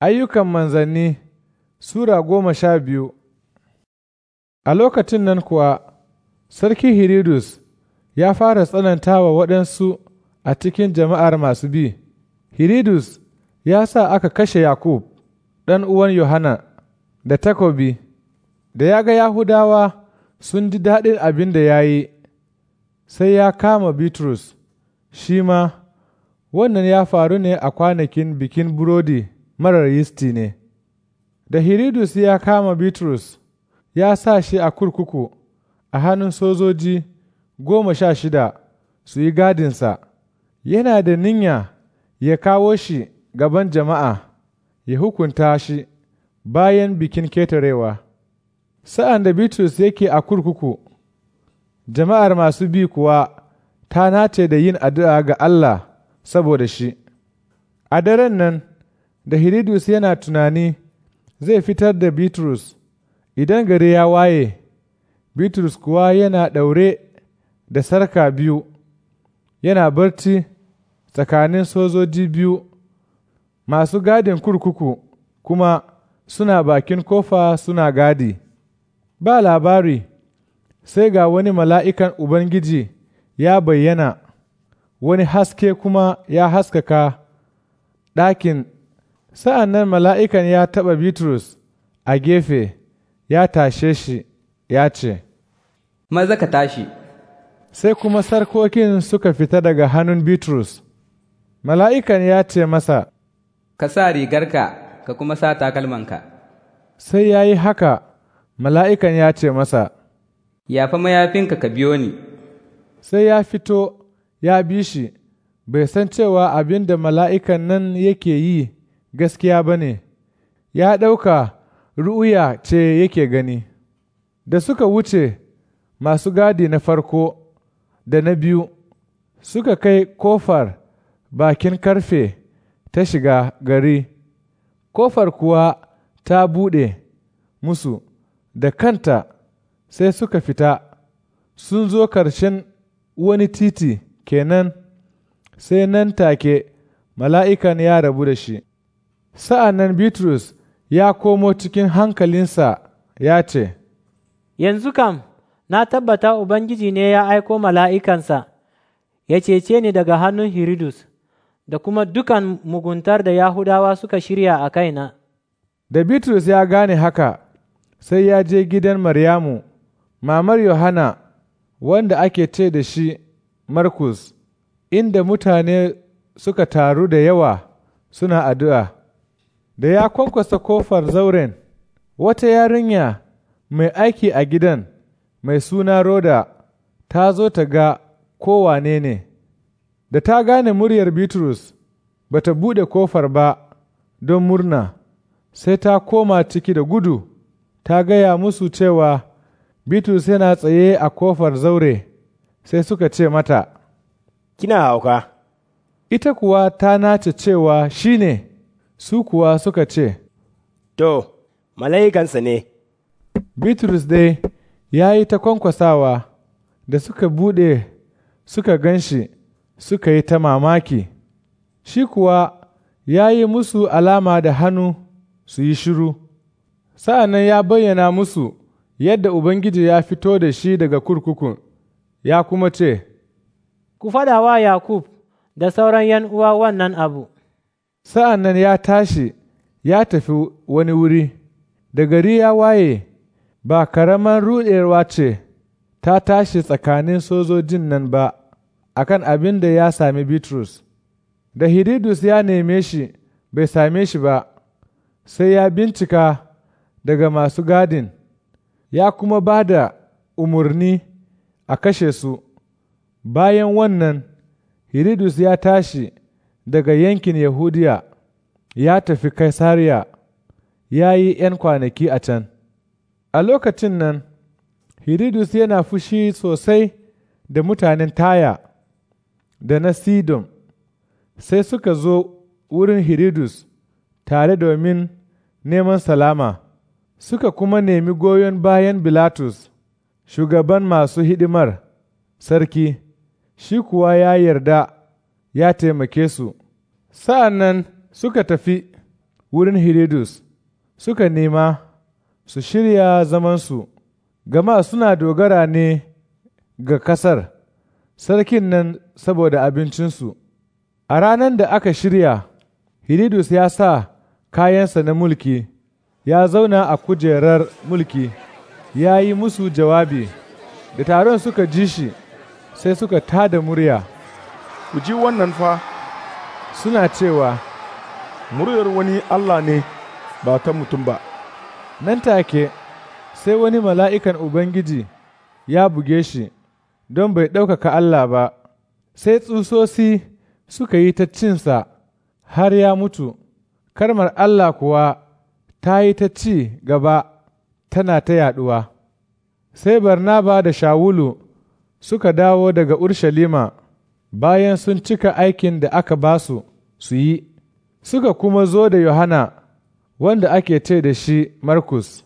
Ayyukan manzanni Sura goma sha biyu A lokacin nan kuwa, Sarki Hiridus ya fara tsanantawa waɗansu a cikin jama'ar masu bi. Hiridus ya sa aka kashe Yakub, ɗan uwan Yohana, da takobi, da ya ga Yahudawa sun ji daɗin abin da ya yi, sai ya kama Bitrus, shi ma, wannan ya faru ne a kwanakin bikin burodi. marar yisti ne. Da Hiridus ya kama Bitrus, ya sa shi a kurkuku a hannun sojoji goma sha shida su yi gadinsa, yana da ninya ya kawo shi gaban jama'a ya hukunta shi bayan bikin ketarewa. Sa'an da Bitrus yake a kurkuku, jama'ar masu bi kuwa ta nace da yin addu'a ga Allah saboda shi. A daren nan, da Hiridus yana tunani zai fitar da Bitrus idan gari ya waye, Bitrus kuwa yana ɗaure da sarka biyu, yana barci tsakanin sojoji biyu, masu gadin kurkuku kuma suna bakin kofa suna gadi. Ba labari, sai ga wani mala'ikan Ubangiji ya bayyana, wani haske kuma ya haskaka ɗakin Sa'an nan mala'ikan ya taɓa Bitrus a gefe, ya tashe shi, ya ce, Maza ka tashi. Sai kuma sarkokin suka fita daga hannun Bitrus. Mala'ikan ya ce masa, Ka sa rigarka, ka kuma sa takalmanka. Sai ya yi haka, mala'ikan ya ce masa, Yafa mayafinka ka biyo ni. Sai ya fito, ya bi shi, bai san cewa abin da mala'ikan nan yake yi. gaskiya ba ne, ya ɗauka ru'uya ce yake gani. Da suka wuce masu gadi na farko da na biyu suka kai kofar bakin karfe ta shiga gari, kofar kuwa ta buɗe musu da kanta sai suka fita, sun zo ƙarshen wani titi kenan sai nan take mala'ikan ya rabu da shi. Sa'an nan Bitrus ya komo cikin hankalinsa ya ce, Yanzu kam, na tabbata Ubangiji ne ya aiko mala'ikansa, ya cece ni daga hannun Hiridus, da kuma dukan muguntar da Yahudawa suka shirya a kaina. Da Bitrus ya gane haka, sai ya je gidan Maryamu, mamar Yohana, wanda ake ce da shi Markus, inda mutane suka taru da yawa suna addu'a. Da ya kwankwasa kofar zauren, wata yarinya mai aiki a gidan mai suna Roda ta zo ta ga kowane ne, da ta gane muryar Bitrus ba ta buɗe kofar ba don murna, sai ta koma ciki da gudu ta gaya musu cewa Bitrus yana tsaye a kofar zaure, sai suka ce mata, Kina hauka? Ita kuwa ta nace cewa shine ne. su kuwa suka ce, To, mala'ikansa ne. Bitrus dai ya yi ta kwankwasawa da suka buɗe suka gan shi suka yi ta mamaki, shi kuwa ya yi musu alama da hannu su yi shiru, sa'an nan ya bayyana musu yadda Ubangiji ya fito da shi daga kurkukun, ya kuma ce, Ku fada wa Yakub da sauran ’yan uwa wannan abu. Sa'an nan ya tashi ya tafi wani wuri, da gari ya waye, ba karaman ruɗewa ce ta tashi tsakanin sojojin nan ba a kan abin da ya sami Bitrus. Da Hiridus ya neme shi bai same shi ba, sai ya bincika daga masu gadin, ya kuma ba da umarni a kashe su. Bayan wannan, Hiridus ya tashi. daga yankin Yahudiya ya tafi Kaisariya ya yi ’yan kwanaki a can. A lokacin nan, Hiridus yana fushi sosai da mutanen Taya da na Sidon, sai suka zo wurin Hiridus tare domin neman salama, suka kuma nemi goyon bayan Bilatus, shugaban masu hidimar sarki, shi kuwa ya yarda ya taimake su, sa'an nan suka tafi wurin Hiridus, suka nema su shirya zamansu, gama suna dogara ne ga ƙasar, sarkin nan saboda abincinsu. A ranar da aka shirya, Hiridus ya sa kayansa na mulki, ya zauna a kujerar mulki, ya yi musu jawabi, da taron suka ji shi, sai suka tada murya. ku ji wannan fa suna cewa muryar wani Allah ne ba ta mutum ba nan take sai wani mala'ikan Ubangiji ya buge shi don bai ɗaukaka Allah ba sai tsusosi suka yi ta cinsa har ya mutu karmar Allah kuwa ta yi ta ci gaba tana ta yaɗuwa sai Barnaba da Shawulu suka dawo daga Urshalima. bayan sun cika aikin da aka ba su su yi, suka kuma zo da Yohana wanda ake ce da shi Markus.